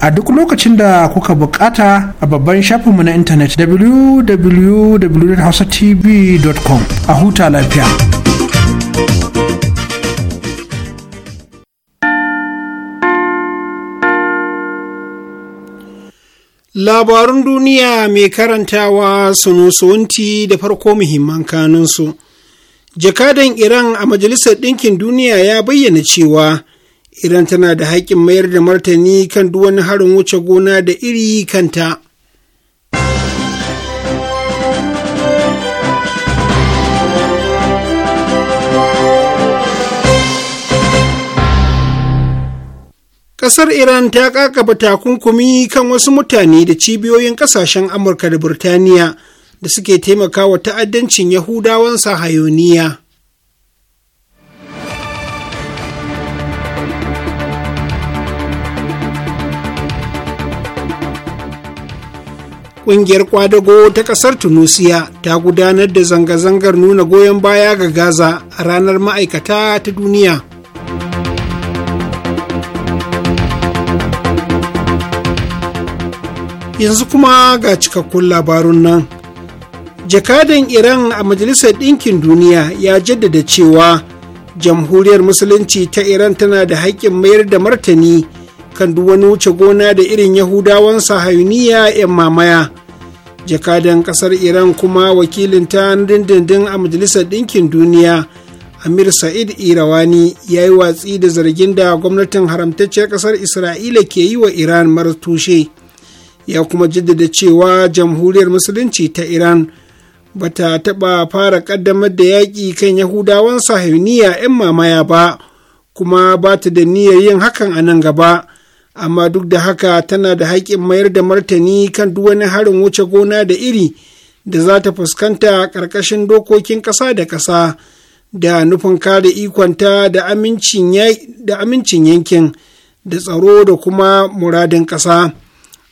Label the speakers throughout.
Speaker 1: a duk lokacin da kuka bukata a babban shafinmu na intanet www.hausatv.com a huta lafiya.
Speaker 2: Labarun duniya mai karantawa sunusunti da farko muhimman kanunsu. Jakadan Iran a Majalisar Ɗinkin Duniya ya bayyana cewa iran tana da haƙƙin mayar da martani kan duk wani harin wuce gona da iri kanta Ƙasar Iran ta ƙaƙaba takunkumi kan wasu mutane da cibiyoyin ƙasashen Amurka da Burtaniya da suke taimakawa ta'addancin Yahudawan sahayoniya. Ƙungiyar kwadago ta ƙasar Tunusiya ta gudanar da zanga-zangar nuna goyon baya ga Gaza a ranar ma'aikata ta duniya. Yanzu kuma ga cikakkun labarun nan. Jakadan Iran a Majalisar Ɗinkin Duniya ya jaddada cewa Jamhuriyar Musulunci ta Iran tana da haƙƙin mayar da martani. kan duk wani wuce gona da irin yahudawan sahayuniya 'yan mamaya jakadan kasar iran kuma wakilin ta dindindin a majalisar ɗinkin duniya amir sa'id irawani ya yi watsi da zargin da gwamnatin haramtacciyar kasar isra'ila ke yi wa iran mara tushe ya kuma jaddada cewa jamhuriyar musulunci ta iran ba ta taɓa fara ƙaddamar da yaƙi kan yahudawan sahiniya 'yan mamaya ba kuma ba ta da niyyar yin hakan a nan gaba amma duk da haka tana da haƙƙin mayar da martani kan duk wani harin wuce gona da iri da za ta fuskanta ƙarƙashin dokokin ƙasa da ƙasa da nufin kare ikonta da amincin yankin da tsaro da kuma muradin ƙasa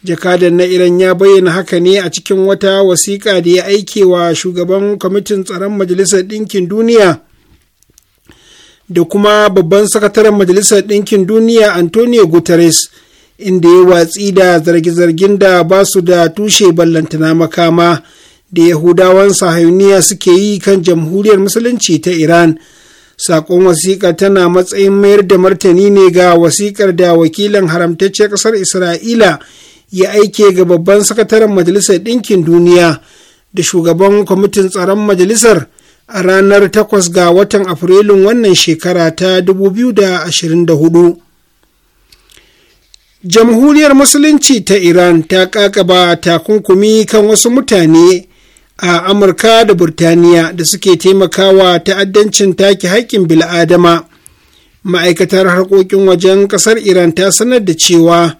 Speaker 2: jakadan na iran ya bayyana haka ne a cikin wata wasiƙa da ya aike wa shugaban kwamitin tsaron majalisar ɗinkin duniya da kuma babban sakataren majalisar ɗinkin duniya antonio guterres inda ya watsi da zarge zargin da ba su da tushe ballantana makama da yahudawan sahayuniya suke yi kan jamhuriyar musulunci ta iran saƙon wasiƙa tana matsayin mayar da martani ne ga wasiƙar da wakilan haramtacciyar ƙasar isra'ila ya aike ga babban sakataren majalisar ɗinkin duniya da shugaban kwamitin tsaron majalisar a ranar 8 ga watan Afrilun wannan shekara ta 2024. Jamhuriyar Musulunci ta Iran ta kakaba takunkumi kan wasu mutane a Amurka da Burtaniya da suke taimakawa ta'addancin take haƙƙin bil'adama. Ma'aikatar harkokin wajen ƙasar Iran ta sanar da cewa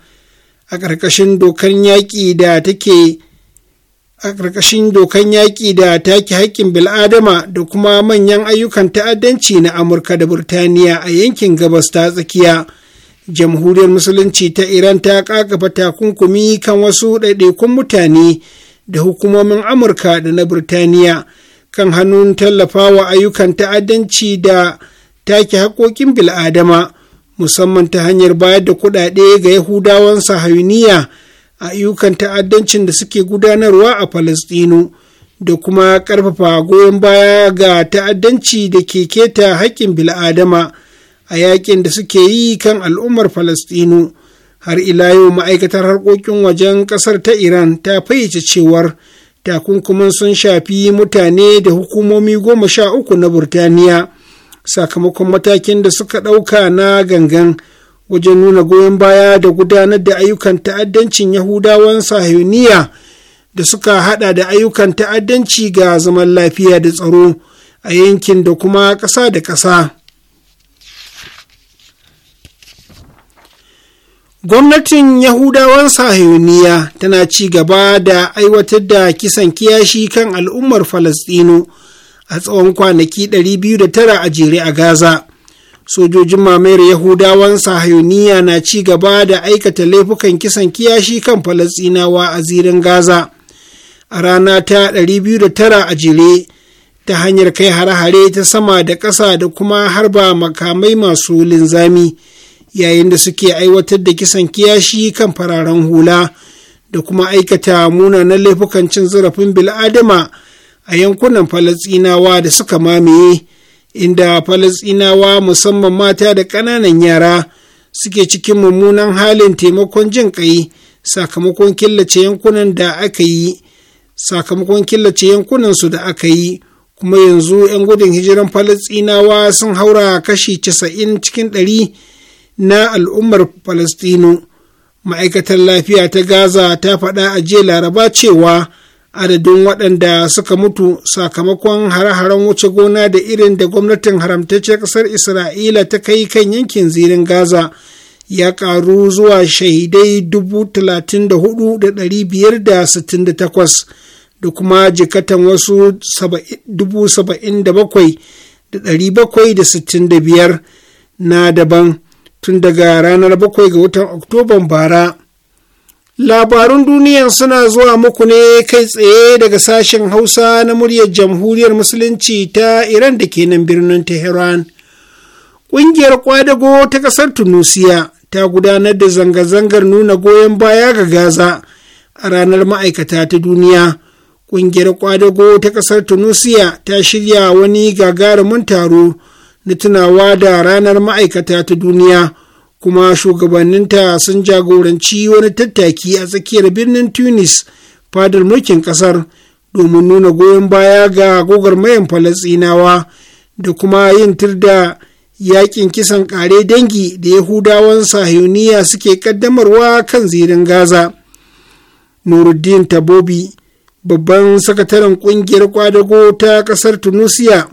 Speaker 2: a ƙarƙashin dokar yaƙi da take a ƙarƙashin dokan yaƙi da take haƙƙin bil'adama da kuma manyan ayyukan ta'addanci na amurka da burtaniya a yankin gabas ta tsakiya jamhuriyar musulunci ta iran ta ƙaƙafa takunkumi kan wasu ɗaiɗaikun mutane da hukumomin amurka da na burtaniya kan hannun tallafawa ayyukan ta'addanci da take haƙoƙin bil'adama musamman ta hanyar bayar da kuɗaɗe ga yahudawan sahayuniya a ayyukan ta'addancin da suke gudanarwa a Falasɗinu da kuma ƙarfafa goyon baya ga ta'addanci da ke keta haƙƙin bil'adama a yaƙin da suke yi kan al'ummar Falasɗinu. Har ila yau ma'aikatar harkokin wajen ƙasar ta Iran ta fayyace cewar takunkumin sun shafi mutane da hukumomi goma sha uku na Burtaniya sakamakon matakin da suka ɗauka na gangan. wajen nuna goyon baya da gudanar da ayyukan ta'addancin yahudawan sahiyoniya da suka hada da ayyukan ta'addanci ga zaman lafiya da tsaro a yankin da kuma ƙasa da ƙasa gwamnatin yahudawan sahiyoniya tana ci gaba da aiwatar da kisan kiyashi kan al'ummar falastino a tsawon kwanaki 209 a jere a gaza sojojin mamayar yahudawan sahayoniya na ci gaba da aikata laifukan kisan kiyashi kan falasinawa a zirin gaza a rana ta 209 a jere ta hanyar kai hare-hare ta sama da ƙasa da kuma harba makamai masu linzami yayin da suke aiwatar da kisan kiyashi kan fararen hula da kuma aikata munanan laifukan cin zarafin bil'adama a yankunan falasinawa da suka mamaye inda falasinawa musamman mata da ƙananan yara suke cikin mummunan halin taimakon jin ƙai sakamakon killace yankunan da aka yi sakamakon killace yankunansu da aka yi kuma yanzu 'yan gudun hijiran falasinawa sun haura kashi 90 cikin 100 na al'ummar falastinu ma'aikatar lafiya ta gaza ta faɗa a jiya laraba cewa adadin waɗanda suka mutu sakamakon hare-haren wuce gona da irin da gwamnatin haramtacciyar ƙasar isra'ila ta kai kan yankin zirin gaza ya ƙaru zuwa shahidai 34,568 da kuma jikatan wasu 77,765 na daban tun daga ranar 7 ga watan oktoban bara Labarun duniyan suna zuwa muku ne kai tsaye daga sashen Hausa na muryar Jamhuriyar Musulunci ta Iran da ke nan birnin Tehran. Ƙungiyar ƙwadago ta ƙasar Tunusiya ta gudanar da zanga-zangar nuna goyon baya ga Gaza a ranar ma'aikata ta duniya. Ƙungiyar ƙwadago ta ƙasar Tunusiya ta shirya wani gagarumin taro na tunawa da ranar ma'aikata ta duniya. kuma shugabanninta sun jagoranci wani tattaki a tsakiyar birnin tunis fadar mulkin kasar domin nuna goyon baya ga gwagwarmayan falasinawa da kuma yin tirda yakin kisan kare dangi da yahudawan Sahuniya suke kaddamarwa kan zirin gaza nuruddin tabobi babban sakataren kungiyar kwadago ta kasar tunisia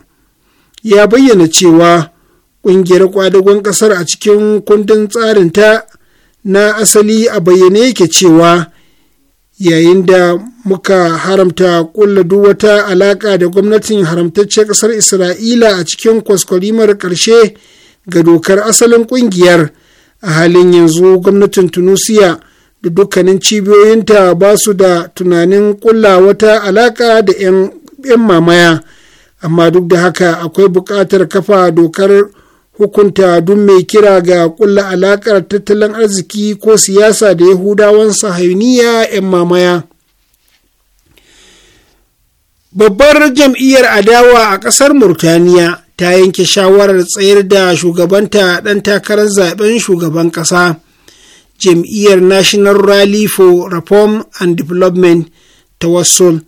Speaker 2: ya bayyana cewa ƙungiyar kwadagon ƙasar a cikin kundin tsarinta na asali a bayyane yake cewa yayin da muka haramta ƙulla duk wata alaƙa da gwamnatin haramtaccen ƙasar isra'ila a cikin kwaskwarimar ƙarshe ga dokar asalin ƙungiyar a halin yanzu gwamnatin tunusiya da dukkanin cibiyoyinta ba su da tunanin ƙulla wata alaƙa da 'yan mamaya amma duk da haka akwai buƙatar kafa dokar hukunta duk mai kira ga kulla alakar tattalin arziki ko siyasa da yahudawan sahayuniya 'yan mamaya babbar jam'iyyar adawa a ƙasar murtaniya ta yanke shawarar tsayar da shugabanta ɗan takarar zaben shugaban ƙasa jam'iyyar national rally for reform and development ta wasu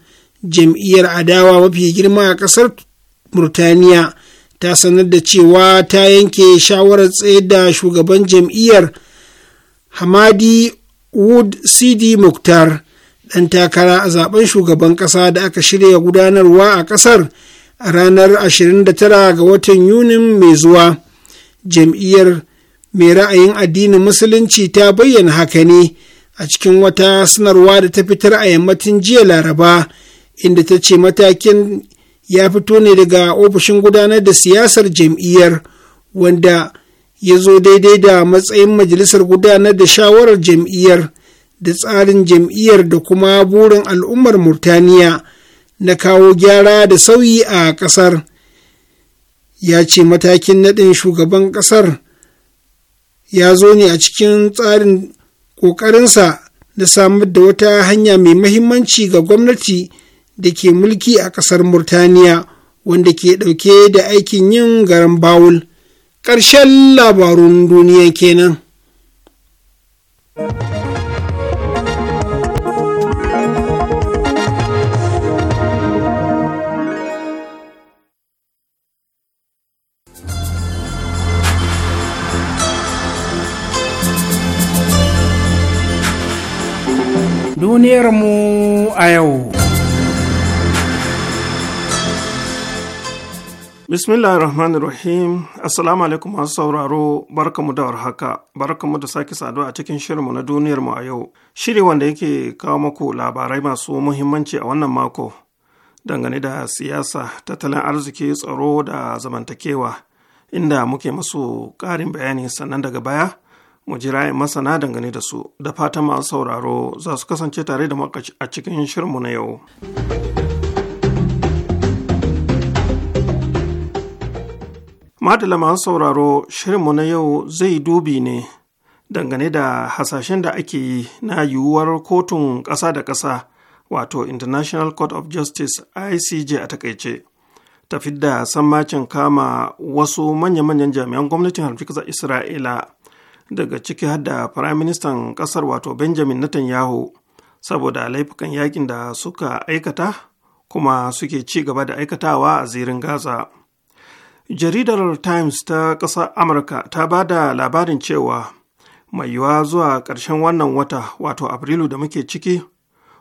Speaker 2: jam'iyyar adawa mafi girma a ƙasar murtaniya ta sanar da cewa ta yanke shawarar tsaye da shugaban jam'iyyar hamadi wood cd muktar ɗan takara a zaben shugaban ƙasa da aka shirya gudanarwa a ƙasar a ranar 29 ga watan yunin mai zuwa jam'iyyar mai ra'ayin addinin musulunci ta bayyana haka ne a cikin wata sanarwa da ta fitar a yammacin jiya laraba inda ta ce matakin ya fito ne daga ofishin gudanar da siyasar jam'iyyar wanda ya zo daidai da matsayin majalisar gudanar da shawarar jam'iyyar da tsarin jam'iyyar da kuma burin al'ummar murtaniya na kawo gyara da sauyi a ƙasar ya ce matakin naɗin shugaban ƙasar ya zo ne a cikin tsarin ƙoƙarinsa na samar da wata hanya mai mahimmanci ga gwamnati da ke mulki a ƙasar Murtaniya wanda ke ɗauke da aikin yin garin bawul. Ƙarshen labarun duniya kenan.
Speaker 1: duniyarmu a yau.
Speaker 3: Bismillahirrahmanirrahim. Assalamu alaikum masu sauraro, barkamu da warhaka, barkamu da sake saduwa a cikin shirinmu na duniyar mu a yau. Shiri wanda yake kawo muku labarai masu muhimmanci a wannan mako, dangane da siyasa, tattalin arziki, tsaro da zamantakewa, inda muke masu ƙarin bayani sannan daga baya, mu jira masana dangane da su, da fatan masu sauraro za su kasance tare da mu a cikin shirinmu na yau. Madala masu sauraro shirinmu na yau zai dubi ne dangane da hasashen da ake yi na yiwuwar kotun ƙasa da ƙasa wato International Court of Justice ICJ a takaice. Tafi da sammacin kama wasu manya-manyan jami'an gwamnatin harfikar Isra'ila daga ciki har da Firayim ƙasar wato Benjamin Netanyahu saboda laifukan yakin da suka aikata kuma suke ci gaba da aikatawa a zirin Gaza. jaridar times ta ƙasar amurka ta ba da labarin cewa mai yiwuwa zuwa ƙarshen wannan wata wato afrilu da muke ciki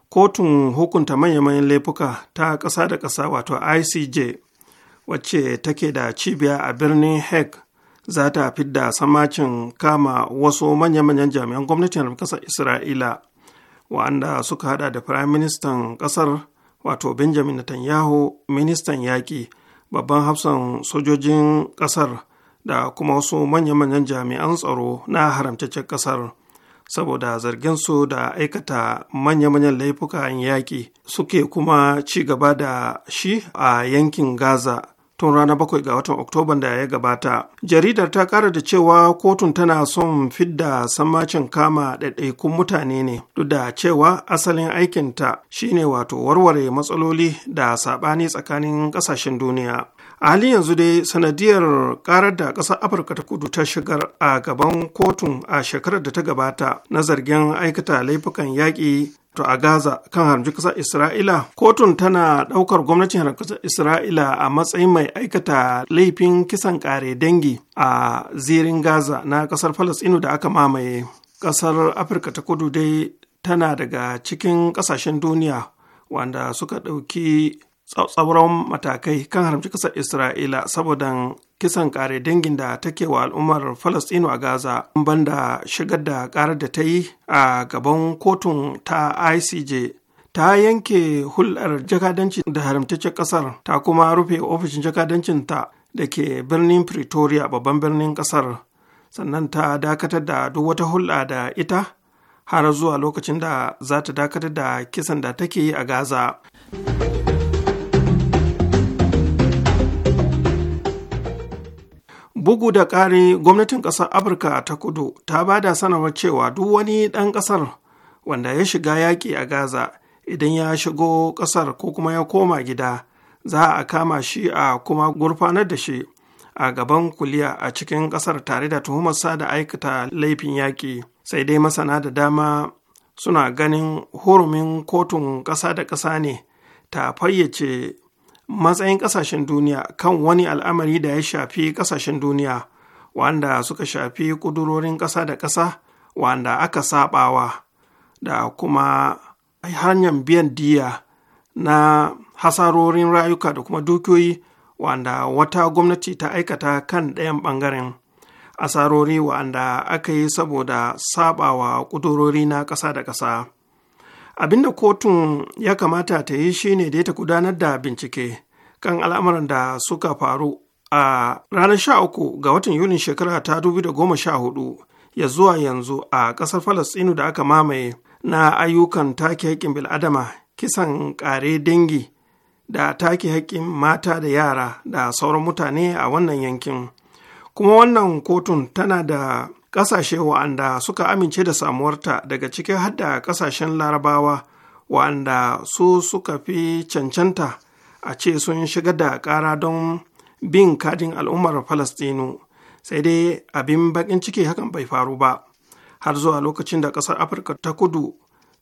Speaker 3: kotun hukunta manya-manyan laifuka ta ƙasa da ƙasa wato icj wacce take da cibiya a birnin hague za ta fidda samacin kama wasu manya-manyan jami'an gwamnatin ƙasar isra'ila wa'anda suka hada da firayim ministan ƙasar wato benjamin netanyahu ministan yaƙi babban hafsan sojojin ƙasar da kuma wasu manya-manyan jami'an tsaro na haramtaccen ƙasar saboda zargin su da aikata manya-manyan laifukan yaƙi suke kuma ci gaba da shi a yankin gaza tun ranar bakwai ga watan oktoban da ya gabata jaridar ta kara da cewa kotun tana son fidda sammacin kama ɗaiɗaikun mutane ne duk da cewa asalin aikinta shine wato warware matsaloli da saɓani tsakanin ƙasashen duniya a halin yanzu dai sanadiyar karar da ƙasar afirka ta kudu ta shigar a gaban kotun a shekarar da ta gabata na zargin aikata laifukan yaƙi to a gaza kan harbi ƙasar isra'ila kotun tana ɗaukar gwamnatin harbi ƙasar isra'ila a matsayin mai aikata laifin kisan ƙare dangi a zirin gaza na ƙasar falastinu da aka mamaye ƙasar afirka ta kudu dai tana daga cikin ƙasashen duniya wanda suka ɗauki tsauran matakai kan haramci kasar isra'ila saboda kisan kare dangin da take wa al'ummar falastinu a gaza banda shigar da karar da ta yi a gaban kotun ta icj ta yanke hulɗar jakadanci da haramtaccen ƙasar ta kuma rufe ofishin jakadancinta da ke birnin pretoria babban birnin ƙasar sannan ta dakatar da duk wata hulɗa da ita har zuwa lokacin da za ta dakatar da kisan da take yi a gaza. Bugu da ƙari gwamnatin ƙasar Afirka ta kudu ta ba da sanarwar cewa duk wani ɗan ƙasar wanda ya shiga yaƙi a Gaza idan ya shigo ƙasar ko kuma ya koma gida za a kama shi a kuma gurfanar da shi a gaban kuliya a cikin ƙasar tare da tuhumarsa da aikata laifin yaƙi. Sai dai masana da dama suna ganin hurumin kotun ƙasa da ƙasa ne ta fayyace matsayin ƙasashen duniya kan wani al'amari da ya shafi ƙasashen duniya wanda suka shafi ƙudurorin ƙasa da ƙasa wanda aka saɓawa da kuma hanyar biyan diya na hasarorin rayuka da kuma dukiyoyi wanda wata gwamnati ta aikata kan ɗayan ɓangaren asarori wanda aka yi saboda saɓawa ƙudurori na ƙasa da ƙasa. abinda kotun ya kamata ta yi shine da ta gudanar da bincike kan al'amuran da suka faru a ranar 13 ga watan yulin shekara ta da 2014 ya zuwa yanzu a ƙasar falastinu da aka mamaye na ayyukan take haƙƙin bil'adama kisan ƙare dangi da take haƙƙin mata da yara da sauran mutane a wannan yankin kuma wannan kotun tana da kasashe wa'anda suka amince da samuwarta daga cikin hadda kasashen larabawa wa'anda su suka fi cancanta a ce sun shiga da kara don bin kadin al'ummar falastinu sai dai abin bakin ciki hakan bai faru ba har zuwa lokacin da kasar afirka ta kudu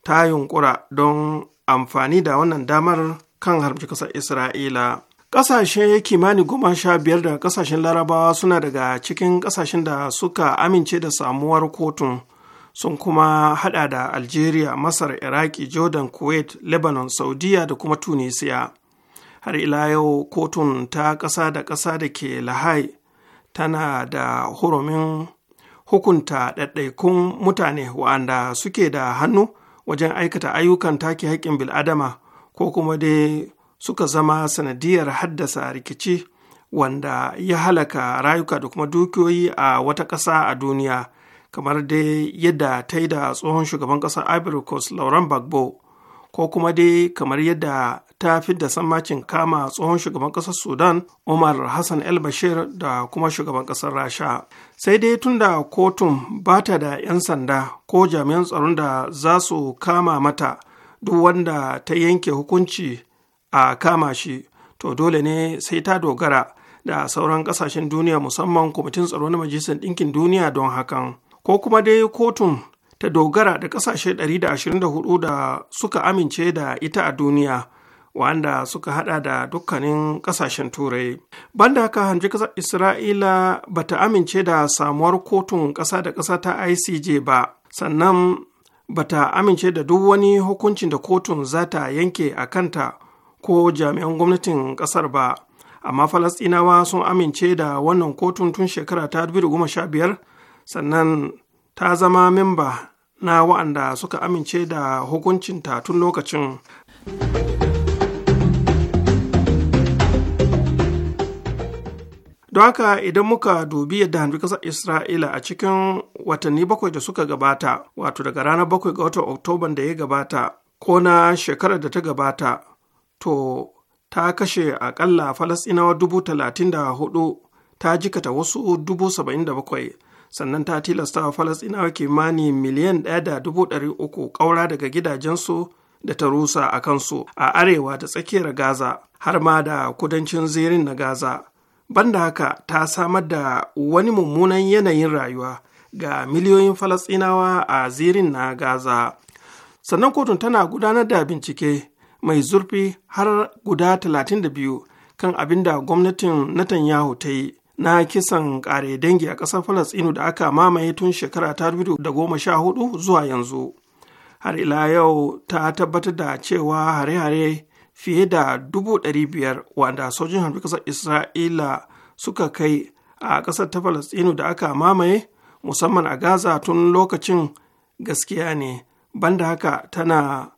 Speaker 3: ta yunkura don amfani da wannan damar kan harbi kasar isra'ila kasashe kimanin goma sha biyar da kasashen larabawa suna daga cikin kasashen da suka amince da samuwar kotun sun kuma hada da algeria masar iraki jordan kuwait lebanon saudiya da kuma tunisia har ila yau kotun ta kasa da kasa da ke lahai tana da hurumin hukunta ɗaiɗaikun mutane waɗanda suke da hannu wajen aikata ayyukan take haƙƙin bil'adama ko kuma dai suka zama sanadiyar haddasa rikici wanda ya halaka rayuka da kuma dukiyoyi a wata ƙasa a duniya kamar dai yadda ta yi da tsohon shugaban ƙasar ivory coast lauren bagbo ko kuma dai kamar yadda ta fi da sammacin kama tsohon shugaban ƙasar sudan umar hassan el bashir da kuma shugaban ƙasar rasha sai dai tunda kotun ba ta da 'yan sanda ko jami'an tsaron da za su kama mata duk wanda ta yanke hukunci a kama shi to dole ne sai ta dogara da sauran kasashen duniya musamman kwamitin tsaro na majalisar ɗinkin duniya don hakan ko kuma dai kotun ta dogara da kasashe 124 da suka amince da ita a duniya wanda suka hada da dukkanin kasashen turai banda haka hanji kasar isra'ila ba ta amince da samuwar kotun ƙasa da ƙasa ta icj ba sannan ba ta amince da duk wani hukuncin da kotun za ta yanke a kanta ko jami'an gwamnatin ƙasar ba amma falastinawa sun amince da wannan kotun tun shekara ta 2015 sannan ta zama memba na wa'anda suka amince da hukuncinta tun lokacin don haka idan muka dubi yadda hanfi kasar isra'ila a cikin watanni bakwai da suka gabata wato daga ranar bakwai ga watan oktoban da ya gabata ko na shekarar da ta gabata to ta kashe aƙalla falasɗinawa dubu talatin da hudu ta jikata wasu dubu saba'in da bakwai sannan ta tilasta wa falasɗinawa kimanin miliyan ɗaya da dubu ɗari uku ƙaura daga gidajensu da ta rusa a kansu a arewa da tsakiyar gaza har ma da kudancin zirin na gaza banda haka ta samar da wani mummunan yanayin rayuwa ga miliyoyin falasɗinawa a zirin na gaza sannan kotun tana gudanar da bincike mai zurfi har guda 32 kan abin da gwamnatin Netanyahu ta yi na kisan ƙare dangi a ƙasar Falasɗinu da aka mamaye tun shekara ta hudu zuwa yanzu. Har ila yau ta tabbatar da cewa hare-hare fiye da dubu ɗari biyar wanda sojin harbi ƙasar Isra'ila suka kai a ƙasar ta Falasɗinu da aka mamaye musamman a Gaza tun lokacin gaskiya ne, banda haka tana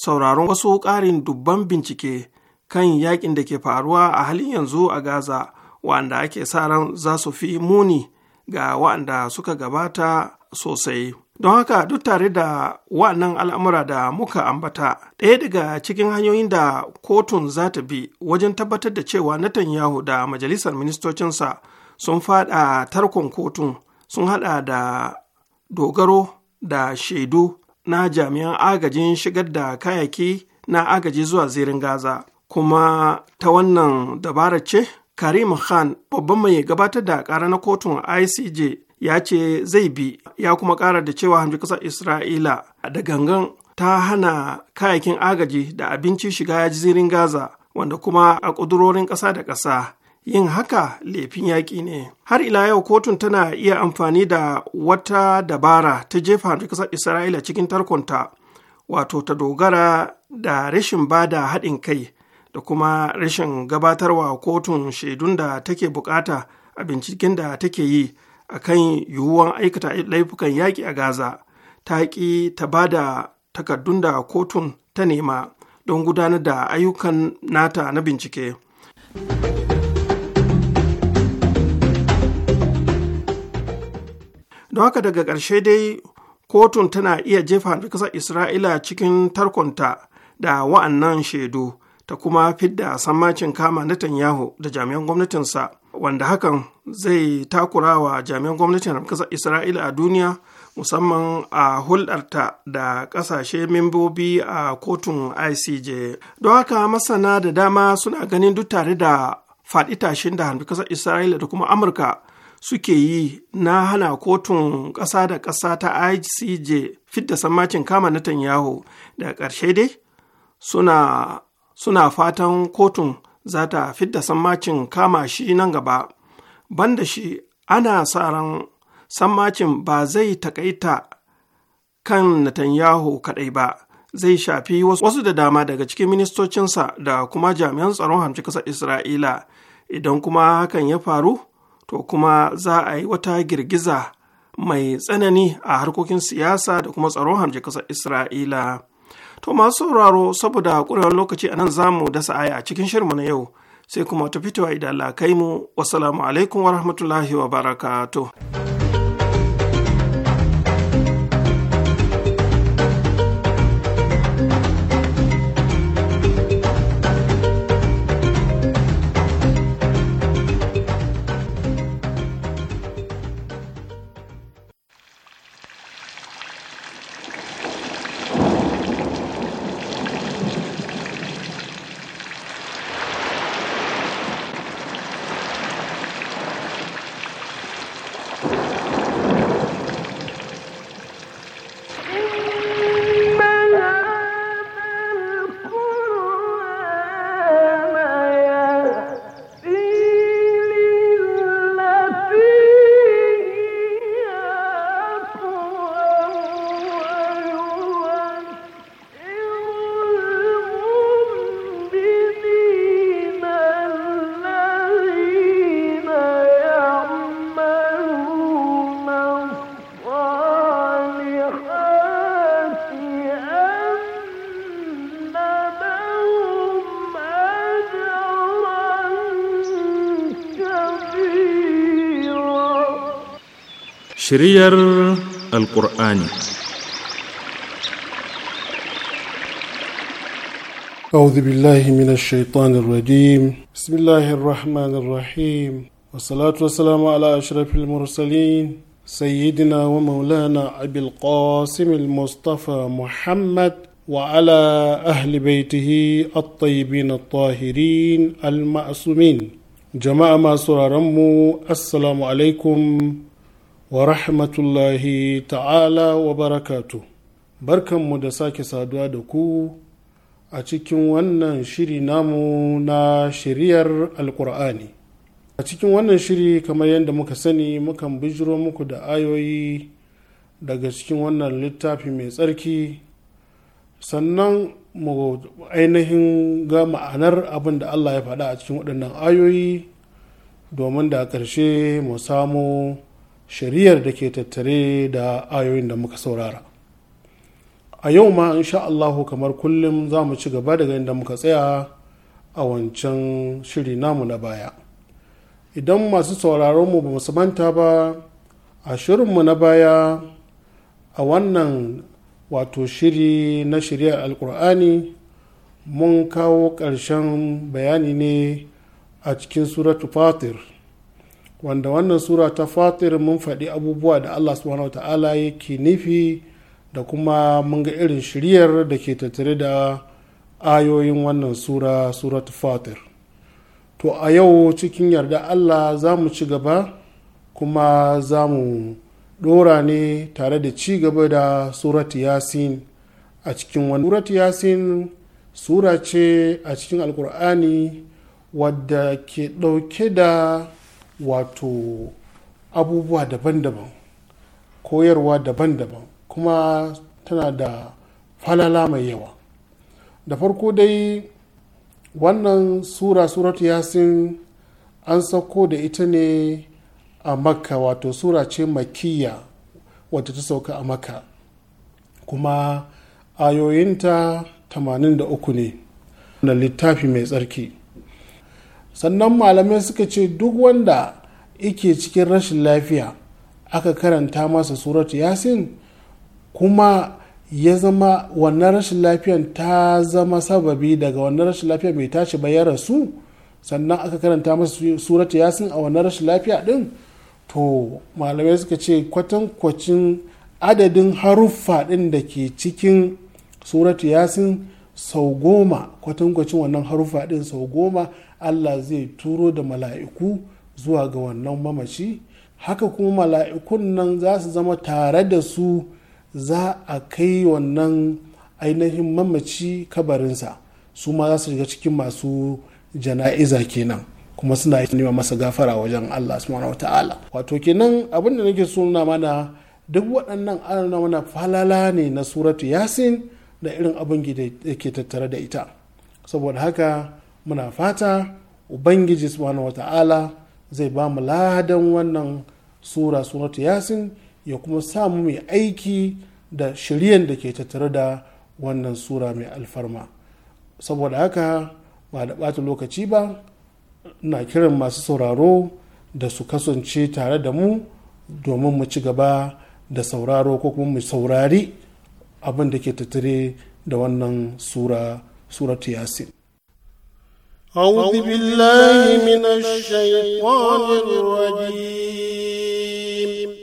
Speaker 3: sauraron wasu ƙarin dubban bincike kan yakin da ke faruwa a halin yanzu a Gaza wanda ake sa ran za su fi muni ga waɗanda suka gabata sosai. Don haka duk tare da wannan al'amura da muka ambata, ɗaya daga cikin hanyoyin da kotun za ta bi wajen tabbatar da cewa natan yahu da majalisar ministocinsa sun fada tarkon kotun sun hada da dogaro da shaidu na jami'an agajin shigar da kayaki na agaji zuwa zirin Gaza. Kuma ta wannan dabarar ce, Karim Khan, babban mai gabatar da ƙara na kotun ICJ, ya ce zai bi, ya kuma ƙara da cewa hamji ƙasar Isra'ila da gangan ta hana kayakin agaji da abinci shiga zirin Gaza, wanda kuma a ƙudurorin ƙasa da ƙasa yin haka laifin yaƙi ne har ila yau kotun tana iya amfani da wata dabara ta jefa ƙasar isra'ila cikin tarkonta wato ta dogara da rashin ba da haɗin kai da kuma rashin gabatarwa kotun shaidun da take bukata a binciken da take yi a kan yiwuwan aikata laifukan yaƙi a gaza ta ƙi ta ba da takardun da kotun ta nema don gudanar da ayyukan nata na bincike. don haka daga ƙarshe dai kotun tana iya jefa ƙasar isra'ila cikin tarkonta da wa'annan shaidu ta kuma fidda sammacin kama na Netanyahu da jami'an gwamnatinsa wanda hakan zai takura wa jami'an gwamnatin ƙasar isra'ila a duniya musamman a hulɗarta da ƙasashe membobi a kotun icj don haka masana da dama suna ganin duk tare da faɗi tashin da ƙasar isra'ila da kuma amurka suke yi na hana kotun ƙasa da ƙasa ta ICJ fidda sammacin kama Netanyahu da ƙarshe dai suna, suna fatan kotun za ta fidda sammacin kama shi nan gaba banda shi ana sa ran sammacin ba zai takaita kan Netanyahu kaɗai ba zai shafi wasu da dama daga cikin ministocinsa da kuma jami'an tsaron hamci ƙasar Isra'ila idan kuma hakan ya faru to kuma za a yi wata girgiza mai tsanani a harkokin siyasa da kuma tsaron hamji ƙasar isra'ila to masu sauraro saboda ƙurewar lokaci a nan za mu dasa aya a cikin shirmu na yau sai kuma ta fitowa idan lakai mu wasalamu alaikum wa rahmatullahi wa barakatuh
Speaker 4: شريار القرآن
Speaker 5: أعوذ بالله من الشيطان الرجيم بسم الله الرحمن الرحيم والصلاة والسلام على أشرف المرسلين سيدنا ومولانا أبي القاسم المصطفى محمد وعلى أهل بيته الطيبين الطاهرين المعصومين جماعة ما رمو السلام عليكم wa rahmatullahi ta'ala wa barakatu barkanmu da sake saduwa da ku a cikin wannan shiri namu na shiriyar alkur'ani a cikin wannan shiri kamar yadda muka sani mukan bijiro muku da ayoyi daga cikin wannan littafi mai tsarki sannan mu ainihin ga ma'anar abin da allah ya faɗa a cikin waɗannan ayoyi domin da ƙarshe mu samu shari'ar da ke tattare da ayoyin da muka saurara a yau ma insha Allahu kamar kullum za mu ci gaba daga inda muka tsaya a wancan shiri namu na baya idan masu sauraronmu ba su manta ba a mu na baya a wannan wato shiri na shirya alkur'ani mun kawo ƙarshen bayani ne a cikin suratu fatir wanda wannan sura ta fatir mun faɗi abubuwa da allah subhanahu wa ta'ala yake nufi da kuma mun ga irin shiryar da ke tattare da ayoyin wannan sura surat fatir to a yau cikin yarda allah za mu ci gaba kuma za mu ɗora ne tare da ci gaba da surat yasin a cikin wani surat yasin sura ce a cikin alkur'ani wadda ke ɗauke da wato abubuwa daban-daban koyarwa daban-daban kuma tana da falala mai yawa da farko dai wannan sura suratu yasin an sauko da ita ne a makka wato sura ce makiyya wata ta sauka a makka kuma ayoyinta 83 ne na littafi mai tsarki sannan malamai suka ce duk wanda yake cikin rashin lafiya aka karanta masa suratu yasin kuma ya zama wannan rashin lafiyan ta zama sababi daga wannan rashin lafiya mai tashi ya rasu sannan aka karanta masa suratu yasin a wannan rashin lafiya din to malamai suka ce kwatankwacin adadin haruffa din da ke cikin suratu yasin sau goma kwatankwacin wannan haruffa din sau goma allah zai turo da mala'iku zuwa ga wannan mamaci haka kuma mala'ikun nan za su zama tare da su za a kai wannan ainihin mamaci kabarinsa su ma za su shiga cikin masu jana'iza kenan kuma suna nema masa gafara wajen allah subhanahu wata'ala wato kenan abin da nake suna mana duk waɗannan ana mana falala ne na suratu yasin da irin abin da ke tattare da ita saboda haka muna fata ubangiji subhanahu wata'ala zai ba mu ladan wannan sura suratu yasin ya kuma samu mai aiki da shiryen da ke tattare da wannan sura mai alfarma saboda haka ba da ɓata lokaci ba na kiran masu sauraro da su kasance tare da mu domin mu ci gaba da sauraro ko kuma mu saurari abin da ke tattare da wannan sura suratu yasin أعوذ بالله من الشيطان الرجيم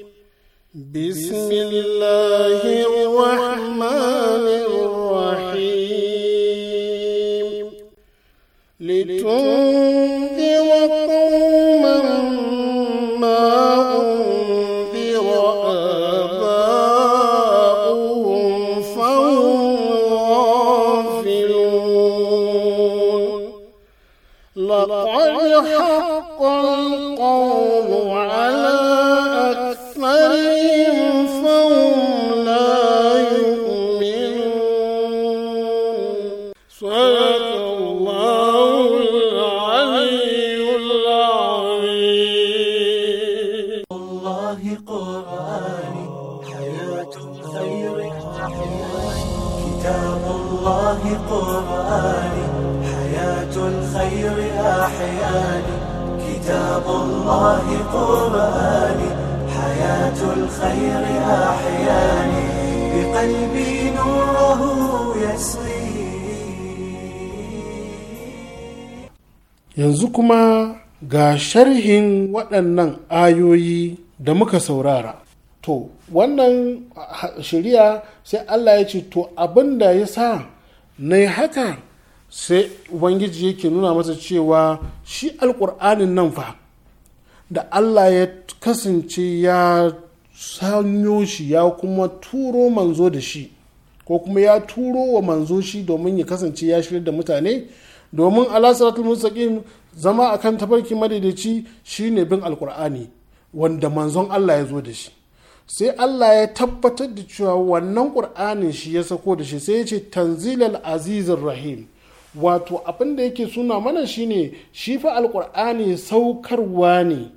Speaker 5: بسم الله الرحمن الرحيم
Speaker 6: لتنظر أحياني كتاب الله قرآني حياة الخير أحياني بقلبي نوره يسري
Speaker 5: yanzu kuma ga sharhin waɗannan ayoyi da muka saurara to wannan shirya sai allah ya ce to abin da ya sa na haka sai ubangiji yake nuna masa cewa shi alkur'anin nan fa da allah ya kasance ya sanyo shi ya kuma turo manzo da shi ko kuma ya turo wa manzo shi domin ya kasance ya shirya da mutane domin alasaratul mustaqim zama akan tafarki madaidaici shine bin alkur'ani wanda manzon allah ya zo da shi sai Allah ya tabbatar da cewa wannan ƙur'anin shi ya sako da shi sai ya ce tanzilal azizin rahim wato abin da yake suna mana shine shi fa alkur'ani saukarwa ne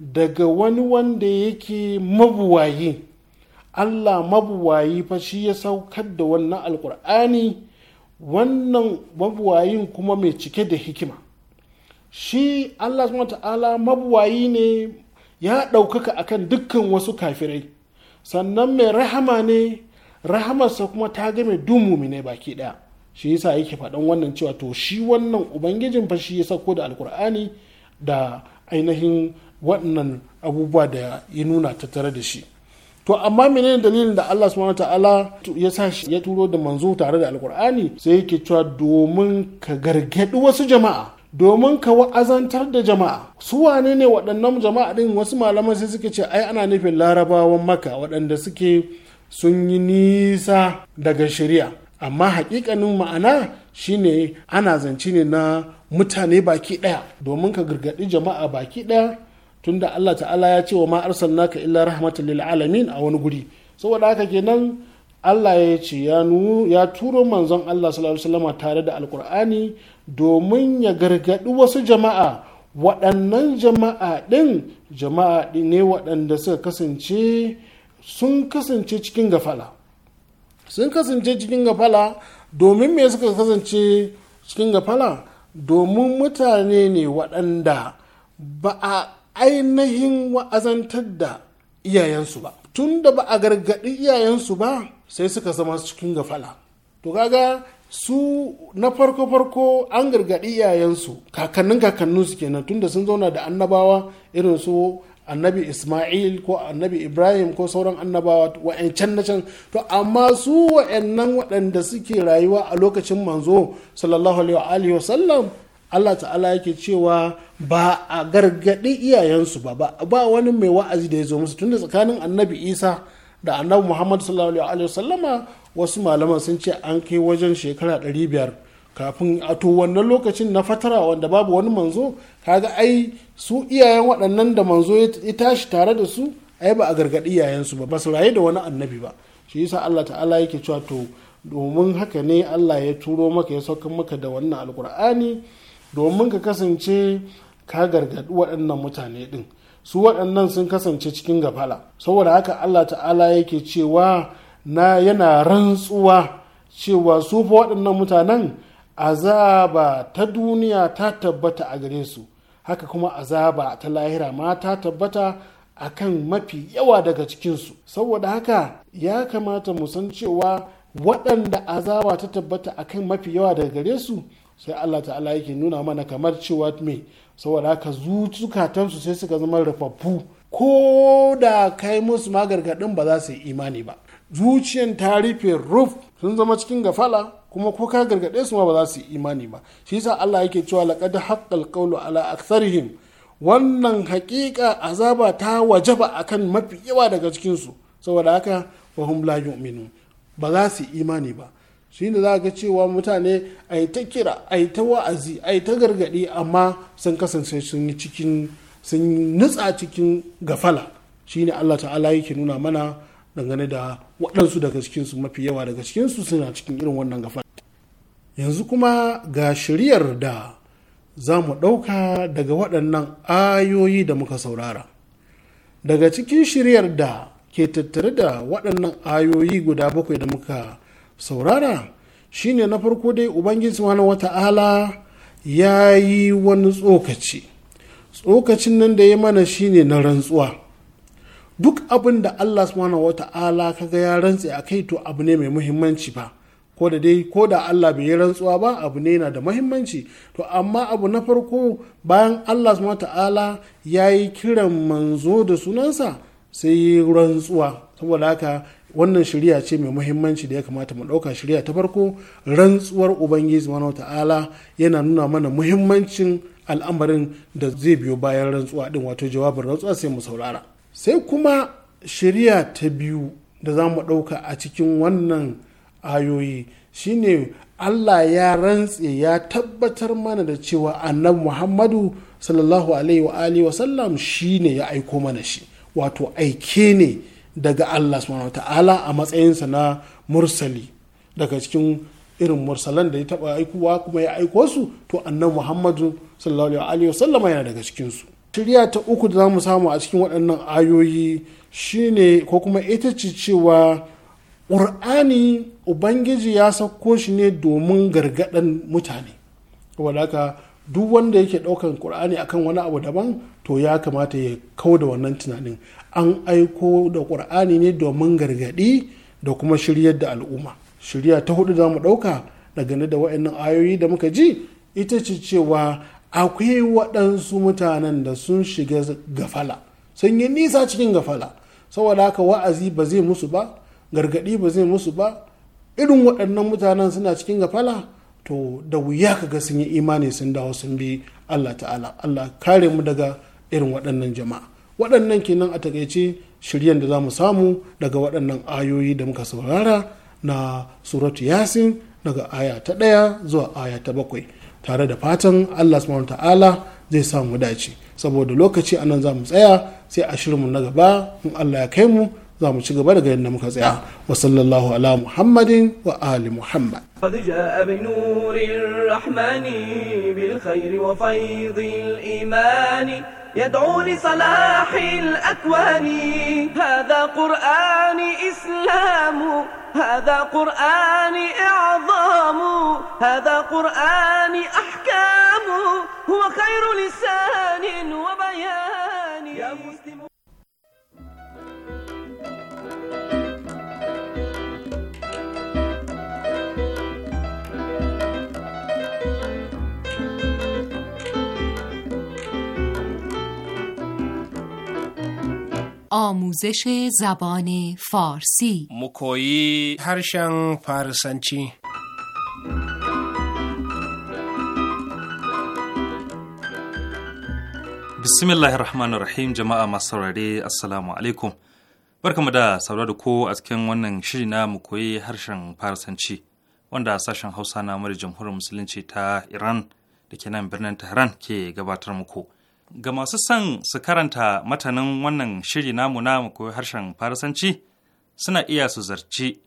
Speaker 5: daga wani wanda yake mabuwayi allah mabuwayi fa shi ya saukar da wannan alkur'ani wannan mabuwayin kuma mai cike da hikima shi allah subhanahu ta'ala mabuwayi ne ya ɗaukaka akan dukkan wasu kafirai sannan mai rahama ne rahamarsa kuma ta game dumumi ne baki ɗaya shi yasa yake faɗan wannan cewa to shi wannan ubangijin fa shi ya sauko da alkur'ani da ainihin waɗannan abubuwa da ya nuna tattare da shi to amma menene dalilin da Allah subhanahu ta'ala ya sa shi ya turo da manzo tare da alkur'ani sai yake cewa domin ka gargadi wasu jama'a domin ka wa'azantar da jama'a su wane ne waɗannan jama'a din wasu malaman sai suke ce ai ana nufin larabawan maka waɗanda suke sun yi nisa daga shari'a amma hakikanin ma'ana shine ana zance ne na mutane baki daya domin ka gargaɗi jama'a baki daya tunda Allah ta'ala ya ce wa ma arsalnaka illa rahmatan lil alamin a wani guri saboda haka kenan Allah ya ce ya turo manzon Allah sallallahu alaihi tare da alkur'ani domin ya gargaɗi wasu jama'a waɗannan jama'a ɗin jama'a ne waɗanda suka kasance sun kasance cikin gafala sun kasance cikin gafala domin me suka kasance cikin gafala domin mutane ne waɗanda ba a ainihin wa'azantar da iyayensu ba tun da ba a gargaɗi iyayensu ba sai suka zama cikin gafala to kaga su na farko farko an gargaɗi iyayensu kakannin kakanninsu kenan tunda sun zauna da annabawa irin su annabi isma'il ko annabi ibrahim ko sauran annabawa wa'ancan na can to amma su wa'annan waɗanda suke rayuwa a lokacin manzo sallallahu alaihi wa sallam allah ta'ala yake cewa ba a gargaɗi iyayensu ba ba wani mai wa'azi da ya zo musu tunda tsakanin annabi isa da annabi muhammad sallallahu alaihi wa sallama wasu malaman sun ce an kai wajen shekara 500 kafin a to wannan lokacin na fatara wanda babu wani manzo kaga ai su iyayen waɗannan da manzo ya tashi tare da su ai ba a gargaɗi iyayensu ba ba su raye da wani annabi ba shi yasa Allah ta'ala yake cewa to domin haka ne Allah ya turo maka ya sauka maka da wannan alkur'ani domin ka kasance ka gargaɗi waɗannan mutane ɗin su waɗannan sun kasance cikin gafala saboda haka Allah ta'ala yake cewa na yana rantsuwa cewa su fa waɗannan mutanen azaba ta duniya ta tabbata a gare su haka kuma azaba ta lahira ma ta tabbata a kan mafi yawa daga cikinsu saboda haka ya kamata mu san cewa waɗanda azaba ta tabbata a kan mafi yawa daga gare su sai allah ta'ala yake nuna mana kamar cewa mai. saboda haka zukatansu sai suka zama rufaffu ko da kai musu magargaɗin ba za su yi imani ba zuciyan ta rufe ruf sun zama cikin gafala kuma ko ka gargaɗe su ma ba za su yi imani ba shi yasa Allah yake cewa laqad haqqal qawlu ala aktharihim wannan haƙiƙa azaba ta wajaba akan mafi yawa daga cikin su saboda haka wa hum la yu'minun ba za su yi imani ba shi ne za ga cewa mutane a yi ta kira a ta wa'azi a yi ta gargaɗi amma sun kasance sun yi cikin sun nutsa cikin gafala shine Allah ta'ala yake nuna mana dangane da waɗansu daga cikinsu mafi yawa daga cikinsu suna cikin irin wannan gafa yanzu kuma ga shiryar da za mu ɗauka daga waɗannan ayoyi da muka saurara daga cikin shiryar da ke tattare da waɗannan ayoyi guda bakwai da muka saurara shine na farko dai ubangiji wani wata'ala ya yi wani tsokaci tsokacin nan da ya mana shine na rantsuwa duk abin da Allah subhanahu wata'ala ga ya rantse a kai to abu ne mai muhimmanci ba ko da dai ko da Allah bai yi rantsuwa ba abu ne yana da muhimmanci to amma abu na farko bayan Allah subhanahu wata'ala ya yi kiran manzo da sunansa sai yi rantsuwa saboda haka wannan shirya ce mai muhimmanci da ya kamata mu ɗauka shirya ta farko rantsuwar ubangiji subhanahu wata'ala yana nuna mana muhimmancin al'amarin da zai biyo bayan rantsuwa din wato jawabin rantsuwa sai mu saurara sai kuma shari'a ta biyu da za mu ɗauka a cikin wannan ayoyi shine allah ya rantse ya tabbatar mana da cewa annabi muhammadu sallallahu alaihi wa alihi wa sallam shine ya aiko mana shi wato aike ne daga allah subhanahu wa ta'ala a matsayinsa na mursali daga cikin irin mursalan da ya taba aikowa kuma ya aiko su to annabi muhammadu sallallahu alaihi wa alihi wa sallama yana daga cikinsu shirya ta uku da za mu samu a cikin waɗannan ayoyi shine ko kuma ita ce cewa ƙur'ani ubangiji ya sauko shi ne domin gargaɗan mutane wadaka duk wanda yake ɗaukan ƙur'ani akan wani abu daban to ya kamata ya kau da wannan tunanin an aiko da ƙur'ani ne domin gargaɗi da kuma shiryar da al'umma shirya ta hudu za mu ɗauka daga da wa'annan ayoyi da muka ji ita ce cewa akwai waɗansu mutanen da sun shiga gafala sun yi nisa cikin gafala saboda haka wa'azi ba zai musu ba gargaɗi ba zai musu ba irin waɗannan mutanen suna cikin gafala to da wuya ka ga sun yi imani sun dawo sun bi allah ta'ala allah kare mu daga irin waɗannan jama'a waɗannan kenan a takaice shiryen da za mu samu daga waɗannan ayoyi da muka saurara na suratu yasin daga aya ta ɗaya zuwa aya ta bakwai tare da fatan allah subhanahu ta'ala zai samu dace saboda lokaci a nan za mu tsaya sai a shirinmu na gaba in allah ya kai mu za mu ci gaba daga yadda muka tsaya wa sallallahu ala muhammadin wa ali muhammad
Speaker 7: قد جاء بنور الرحمن بالخير وفيض الإيمان يدعو لصلاح الأكوان هذا قرآن إسلام هذا قرآن إعظام هذا قرآن أحكام هو خير لسان وبيان
Speaker 8: آموزش زبان فارسی
Speaker 1: مکویی هرشن فارسنچی
Speaker 4: bismillahi rahmanir rahim jama'a masu saurare alaikum barkamu da saurara da ko a cikin wannan shiri na mu koyi harshen Faransanci wanda sashen hausa na mara jamhuriyar musulunci ta iran da ke nan birnin tehran ke gabatar muku Ga masu son su karanta matanin wannan shiri namu na koyi harshen Farisanci suna iya su zarci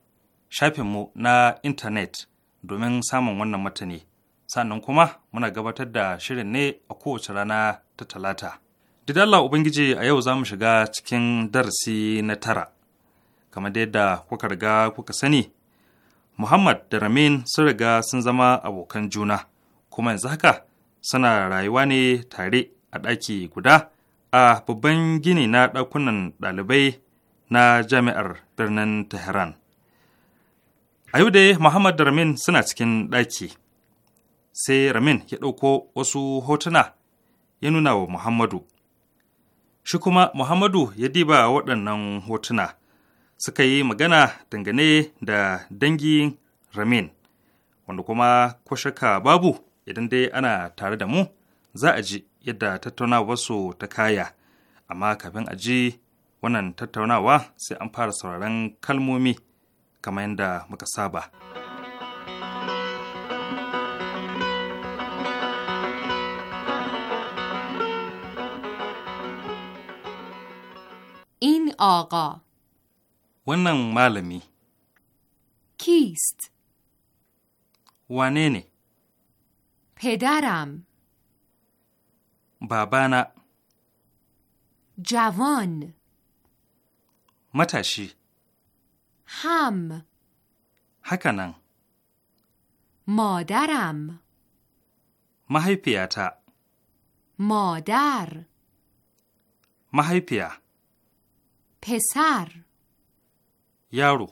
Speaker 4: shafinmu na intanet domin samun wannan matani. Sannan kuma muna gabatar da shirin ne a kowace rana ta talata. Didalla Ubangiji a yau za mu shiga cikin darasi na tara. Kamar dai da kuka riga kuka sani, Muhammad da Ramin sun riga sun zama abokan juna, kuma yanzu haka suna rayuwa ne tare a ɗaki guda a babban gini na ɗakunan ɗalibai na jami'ar birnin Tehran. A yau dai Muhammad da Ramin suna cikin ɗaki. Sai Ramin ya ɗauko wasu hotuna ya nuna wa Muhammadu. Shi kuma Muhammadu ya diba waɗannan hotuna suka yi magana dangane da dangi Ramin, wanda kuma ko babu idan dai ana tare da mu za a ji yadda su ta kaya amma kafin a ji wannan tattaunawa sai an fara sauraron kalmomi kamar yadda muka saba.
Speaker 8: in aga
Speaker 4: wannan malami
Speaker 8: kist wane ne? pedaram
Speaker 4: babana
Speaker 8: javon
Speaker 4: matashi ham hakanan
Speaker 8: madaram
Speaker 4: mahaifiyata
Speaker 8: madar mahaifiya pesar yaro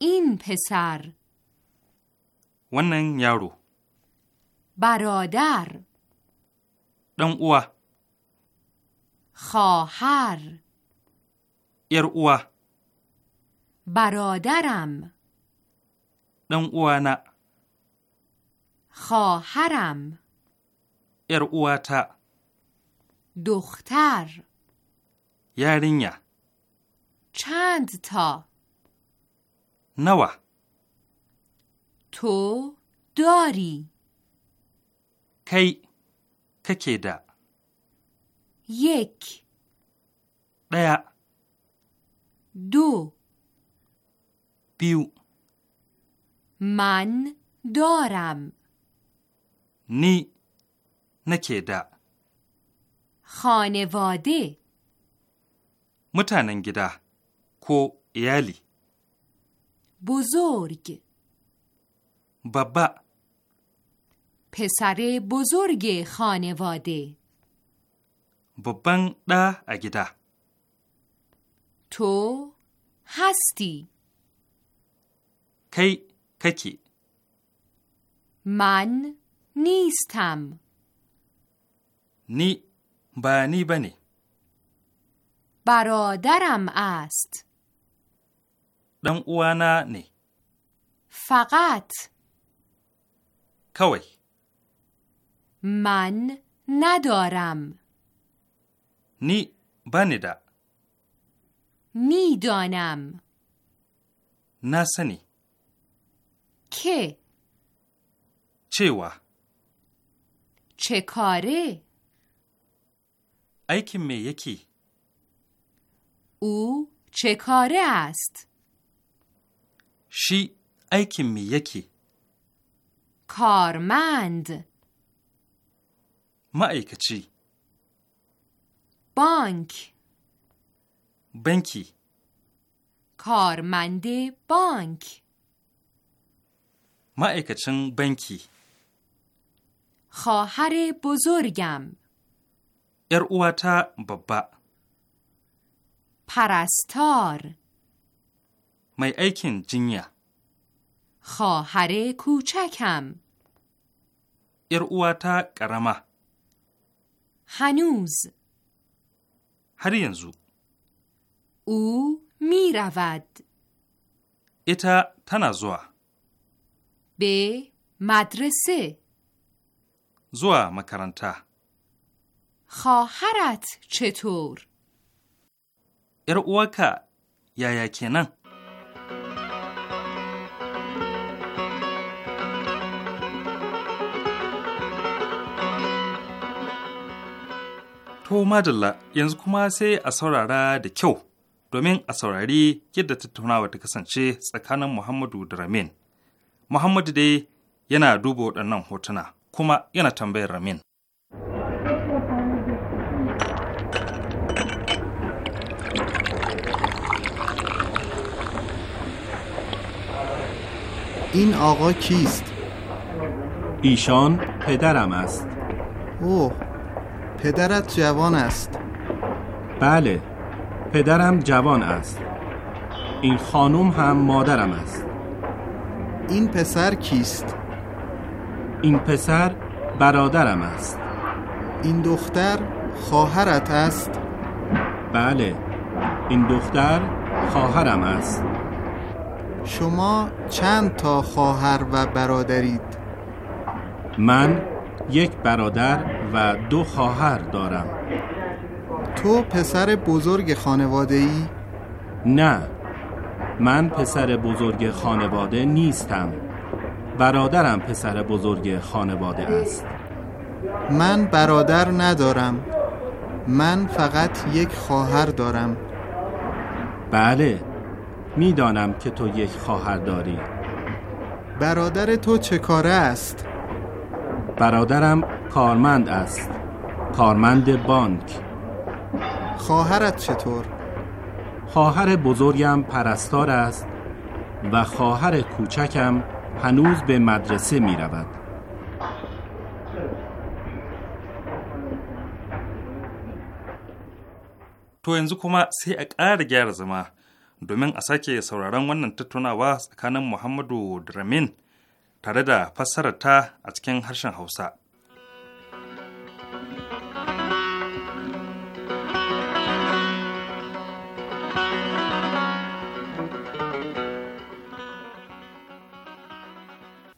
Speaker 8: in pesar
Speaker 4: wannan yaro
Speaker 8: barodar دن اوه خواهر یر اوه برادرم
Speaker 4: دن اوه نه
Speaker 8: خواهرم
Speaker 4: یر اوه تا
Speaker 8: دختر یارینیا چند تا نوا تو داری
Speaker 4: کی kake da Yek. ɗaya Du. biyu
Speaker 8: man doram
Speaker 4: ni nake da
Speaker 8: khanevade
Speaker 4: mutanen gida ko iyali
Speaker 8: buzurg babba پسر بزرگ خانواده
Speaker 4: ببن ده اگیده
Speaker 8: تو هستی
Speaker 4: کی ککی
Speaker 8: من نیستم
Speaker 4: نی بانی بانی
Speaker 8: برادرم است
Speaker 4: دم اوانا نی
Speaker 8: فقط کوی من ندارم
Speaker 4: نی بنیدا
Speaker 8: میدانم نسنی که و؟ چه کاره
Speaker 4: که می یکی
Speaker 8: او چه کاره است
Speaker 4: شی که می یکی
Speaker 8: کارمند
Speaker 4: ma'aikaci بانک banki
Speaker 8: karmande بانک
Speaker 4: ma'aikacin banki
Speaker 8: خواهر بزرگم
Speaker 4: ارواتا ببا
Speaker 8: پرستار
Speaker 4: می ایکن جنیا
Speaker 8: خواهر کوچکم
Speaker 4: ارواتا قرمه
Speaker 8: هنوز هر ینزو او می رود
Speaker 4: اتا تنازوا
Speaker 8: به مدرسه
Speaker 4: زوا مکرانتا
Speaker 8: خواهرت چطور؟
Speaker 4: ارواکا یا یا کنن To madalla yanzu kuma sai a saurara da kyau domin a saurari yadda tattaunawa ta kasance tsakanin Muhammadu da Ramin. Muhammadu dai yana duba waɗannan hotuna kuma yana tambayar Ramin.
Speaker 9: این آقا کیست؟ ایشان پدرم است. اوه پدرت جوان است بله پدرم جوان است این خانم هم مادرم است این پسر کیست؟ این پسر برادرم است این دختر خواهرت است؟ بله این دختر خواهرم است شما چند تا خواهر و برادرید؟ من یک برادر و دو خواهر دارم تو پسر بزرگ خانواده ای؟ نه من پسر بزرگ خانواده نیستم برادرم پسر بزرگ خانواده است من برادر ندارم من فقط یک خواهر دارم بله میدانم که تو یک خواهر داری برادر تو چه کاره است؟ برادرم کارمند است کارمند بانک خواهرت چطور؟ خواهر بزرگم پرستار است و خواهر کوچکم هنوز به مدرسه می رود. تو
Speaker 4: yanzu kuma sai a ƙara gyara zama domin a sake sauraron wannan tattaunawa tsakanin Muhammadu پسر ته از a cikin harshen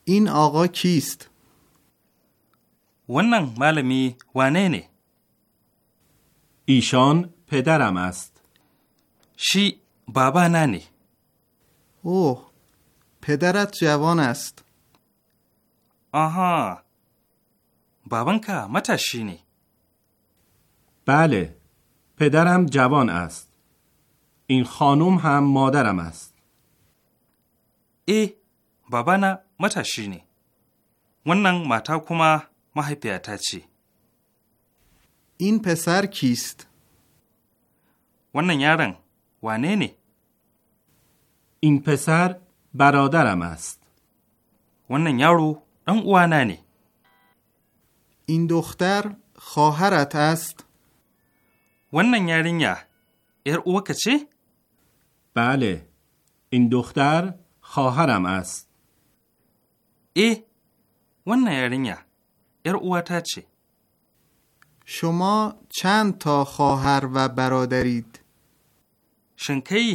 Speaker 9: این آقا کیست؟ ونن مالمی وانه ایشان پدرم است. شی بابا ننه. اوه پدرت جوان است. آها بابانکا متشی نی بله پدرم جوان است این خانوم هم مادرم است ای
Speaker 4: بابانا متشی نی ونن ماتا کما
Speaker 9: چی این پسر کیست؟ وننگ یارن وانه این پسر برادرم است وننگ یارو ɗan uwana ne. این دختر خواهرت است؟ wannan yarinya ‘yar uwaka ce? bale in دختر خواهرم است. e wannan yarinya ‘yar uwata ce.
Speaker 10: شما چند تا خواهر و برادرید؟
Speaker 9: shin kai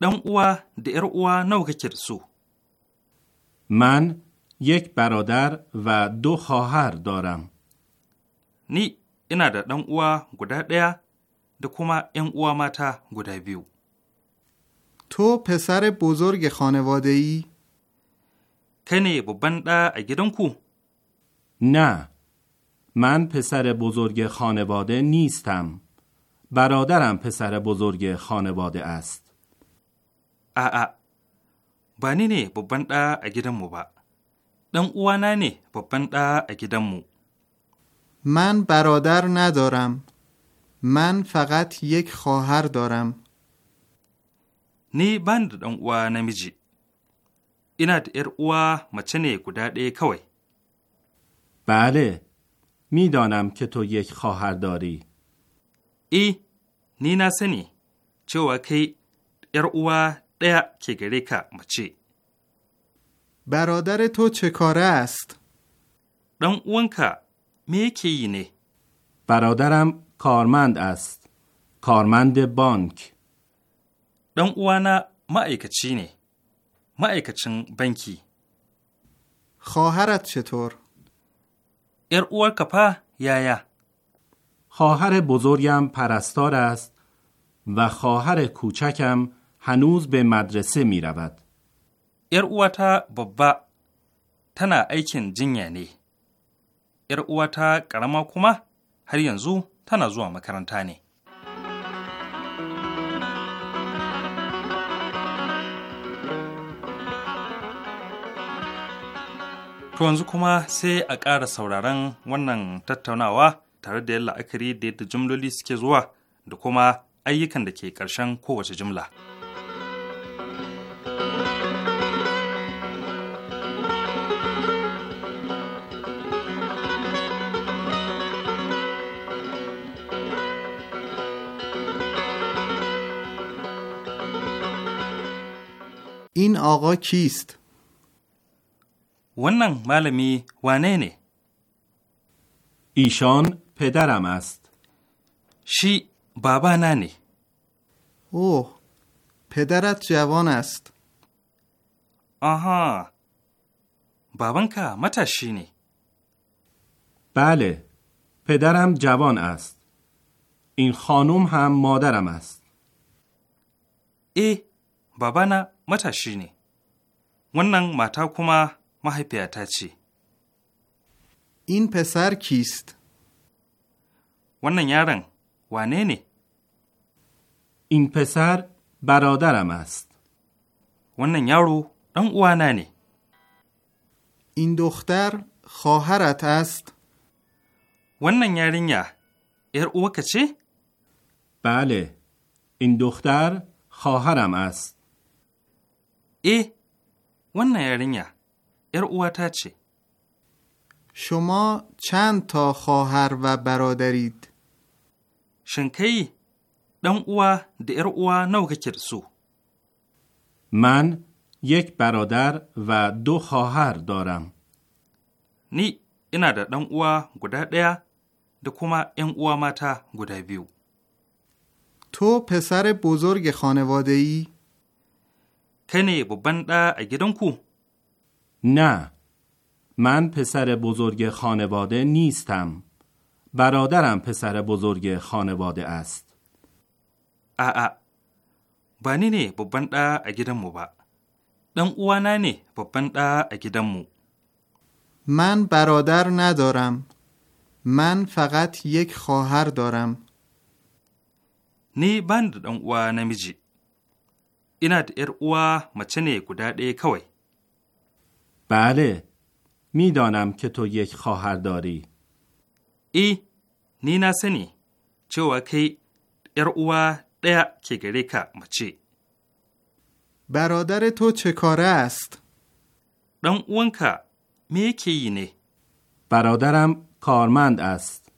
Speaker 9: dan uwa da ‘yar uwa nawa kake da su? Man یک برادر و دو خواهر دارم. نی اینا دا دان اوا گودا دیا da این ‘yan uwa
Speaker 4: mata گودا بیو.
Speaker 10: تو پسر بزرگ خانواده ای؟
Speaker 9: کنی با بند ɗa نه. من پسر بزرگ خانواده نیستم. برادرم پسر بزرگ خانواده است. آ آ. نی نی ne babban
Speaker 4: ɗa a dan uwana ne babban ɗa a gidanmu.
Speaker 10: Man barodar na daram, man faqat yek khohar
Speaker 9: daram.
Speaker 4: Ni ban da ɗan uwa namiji, ina da ‘yar uwa mace ne guda ɗaya kawai.
Speaker 9: Bale, mi donam ke yek khohar dari. I, ni na sani cewa kai ‘yar uwa ɗaya ke gare ka mace.
Speaker 10: برادر تو چه کار است؟
Speaker 9: دان اونکا می نه؟ برادرم کارمند است. کارمند بانک.
Speaker 4: دان اوانا ma'aikaci ne, ma'aikacin
Speaker 9: بانکی خواهرت چطور؟
Speaker 4: ار اوار کپا
Speaker 9: یا. خواهر بزرگم پرستار است و خواهر کوچکم هنوز به مدرسه می رود.
Speaker 4: ‘Yar uwata babba tana aikin jinya ne, ‘yar uwata ƙarama kuma har yanzu tana zuwa makaranta ne. To yanzu kuma sai a ƙara sauraron wannan tattaunawa tare da yin la'akari da yadda jimloli suke zuwa da kuma ayyukan da ke ƙarshen kowace jimla.
Speaker 10: این آقا کیست؟
Speaker 4: ونن معلمی وانه
Speaker 9: ایشان پدرم است شی بابا ننی اوه پدرت جوان است آها بابنکا متشی بله پدرم جوان است این خانم هم مادرم است ای نه؟ matashi ne wannan
Speaker 4: mata kuma mahaifiyata ce in پسر
Speaker 9: wannan yaron wane ne? in pesar برادرم wannan yaro ɗan uwana ne. in دختر خواهرت ast. wannan yarinya ‘yar uwaka ce? bale in دختر خواهرم e wannan yarinya ‘yar uwata ce. Shuma can ta khohar wa barodarid. Shinkai ɗan uwa da ‘yar uwa nawa kake da su. Man yake barodar wa do khohar doram. Ni ina da ɗan uwa guda
Speaker 4: ɗaya da kuma ‘yan uwa mata guda biyu.
Speaker 10: To, pesar bozorge khanewade yi?
Speaker 9: کنی نه babban ا کو نه من پسر بزرگ خانواده نیستم برادرم پسر بزرگ خانواده است آ
Speaker 4: با بانی ne babban ا a با ba ɗan uwana ne ا
Speaker 10: من برادر ندارم من فقط یک خواهر دارم نی بند
Speaker 4: دن نمیی میجی. اینا د ار اوا مچه نه گودا ده کوی
Speaker 9: بله میدانم که تو یک خواهر داری ای نی نسنی چوا کی ار اوا ده
Speaker 4: که گری که مچه
Speaker 9: برادر تو چه کاره است؟ دان اون که می نه برادرم کارمند است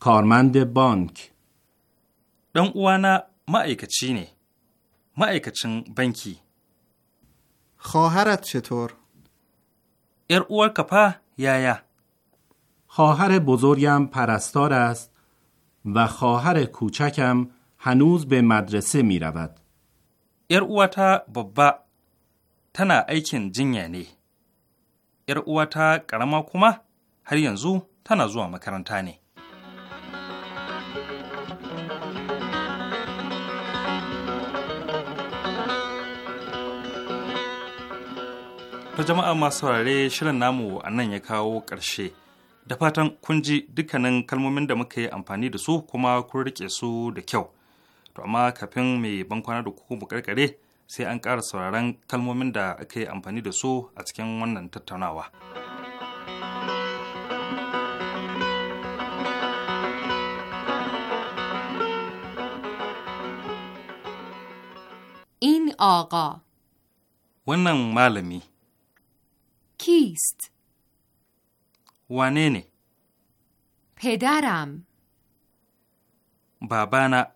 Speaker 9: کارمند بانک دان اوانا ما ایکچی نه ma'aikacin banki. خواهرت چطور؟
Speaker 4: ار اوار کپا
Speaker 9: یا خواهر بزرگم پرستار است و خواهر کوچکم هنوز به مدرسه می رود.
Speaker 4: ار اوتا بابا تنا ایکن جنگانی نی. ار اوتا کرما کما هر ینزو تنا زوا مکرانتا ta jama'a masu saurare shirin namu a nan ya kawo ƙarshe da fatan kun ji dukkanin kalmomin da muka yi amfani da su kuma kun rike su da kyau to amma kafin mai ban kwana da kuku mu karkare sai an ƙara sauraron kalmomin da aka yi amfani da su a cikin wannan tattaunawa.
Speaker 8: In aga.
Speaker 4: Wannan malami.
Speaker 8: کیست؟ وانینه پدرم
Speaker 4: بابانا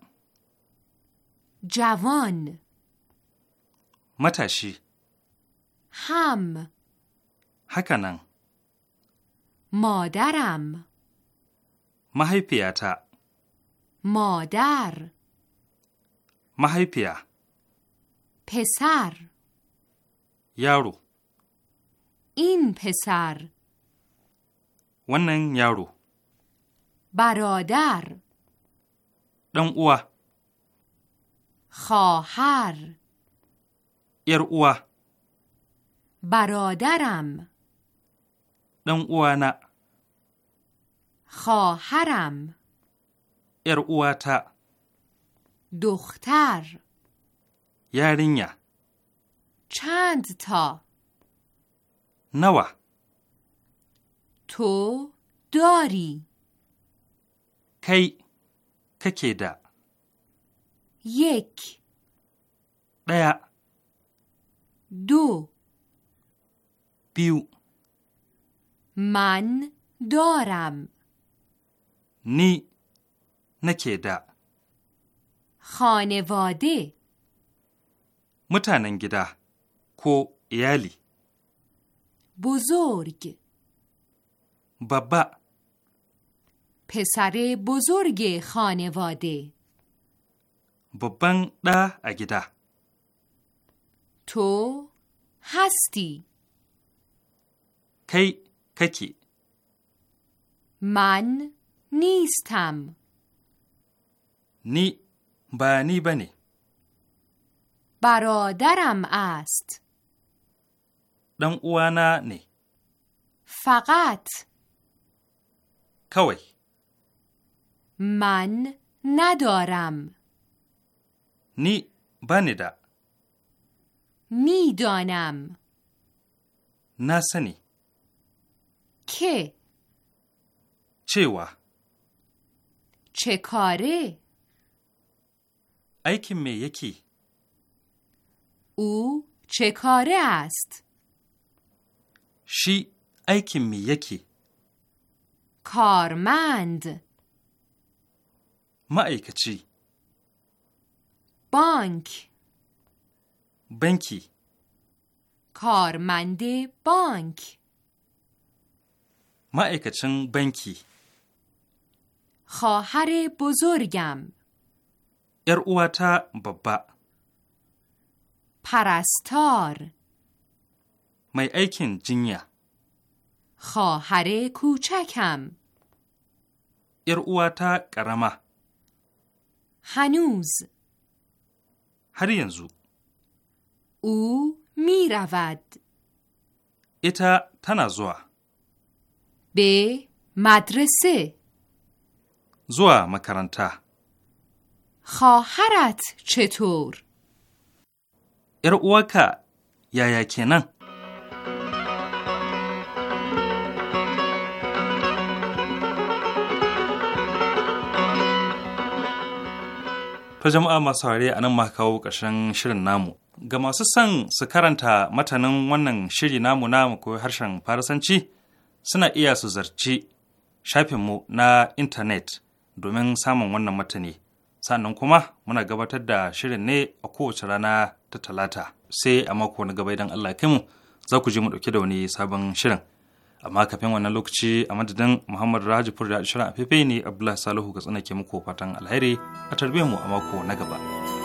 Speaker 8: جوان متشی هم حکنن مادرم
Speaker 4: مهیپیتا
Speaker 8: مادر مهیپیا پسر یارو این پسر
Speaker 4: ونن یارو
Speaker 8: برادر دن اوا خواهر یر اوا برادرم
Speaker 4: دن اوا نه
Speaker 8: خواهرم
Speaker 4: یر اوا تا
Speaker 8: دختر یارینیا چند تا نوا تو داری
Speaker 4: کی ککی دا یک دیا دو بیو
Speaker 8: من دارم
Speaker 4: نی نکی دا
Speaker 8: خانواده
Speaker 4: متانن گدا کو ایالی
Speaker 8: بزرگ بابا پسر بزرگ خانواده
Speaker 4: بابنگ ده اگه
Speaker 8: تو هستی
Speaker 4: کی ککی
Speaker 8: من نیستم
Speaker 4: نی بانی بنی
Speaker 8: برادرم است
Speaker 4: دان اوانا نی
Speaker 8: فقط کوی من ندارم
Speaker 4: نی بندا
Speaker 8: میدانم ناسنی که چیوا چه کاره
Speaker 4: ایکی می یکی
Speaker 8: او چه کاره است
Speaker 4: شی ایک می یکی
Speaker 8: کارمند چی؟ بانک بنکی کارمند بانک
Speaker 4: چن بنکی
Speaker 8: خواهر بزرگم
Speaker 4: ار اواتا
Speaker 8: پرستار
Speaker 4: می ایکن جنیا
Speaker 8: خواهر کوچکم
Speaker 4: ارواتا کرما
Speaker 8: هنوز هر او می رود
Speaker 4: ایتا تنازوا
Speaker 8: به مدرسه
Speaker 4: زوا مکرانتا
Speaker 8: خواهرت چطور؟
Speaker 4: ارواکا یا یا ta jama'a masu haure a nan ma kawo ƙarshen shirin namu ga masu son su karanta matanin wannan shiri namu na koyi harshen farasanci suna iya su zarci shafinmu na intanet domin samun wannan matani sannan kuma muna gabatar da shirin ne a kowace rana ta talata sai a mako na gaba idan allah kai mu za ku ji mu ɗauke da wani sabon shirin amma kafin wannan lokaci a madadin muhammad rajapur da shirin afefe ne abdullahi salihu ga tsanake muku fatan alheri a tarbiyyar mu a mako na gaba.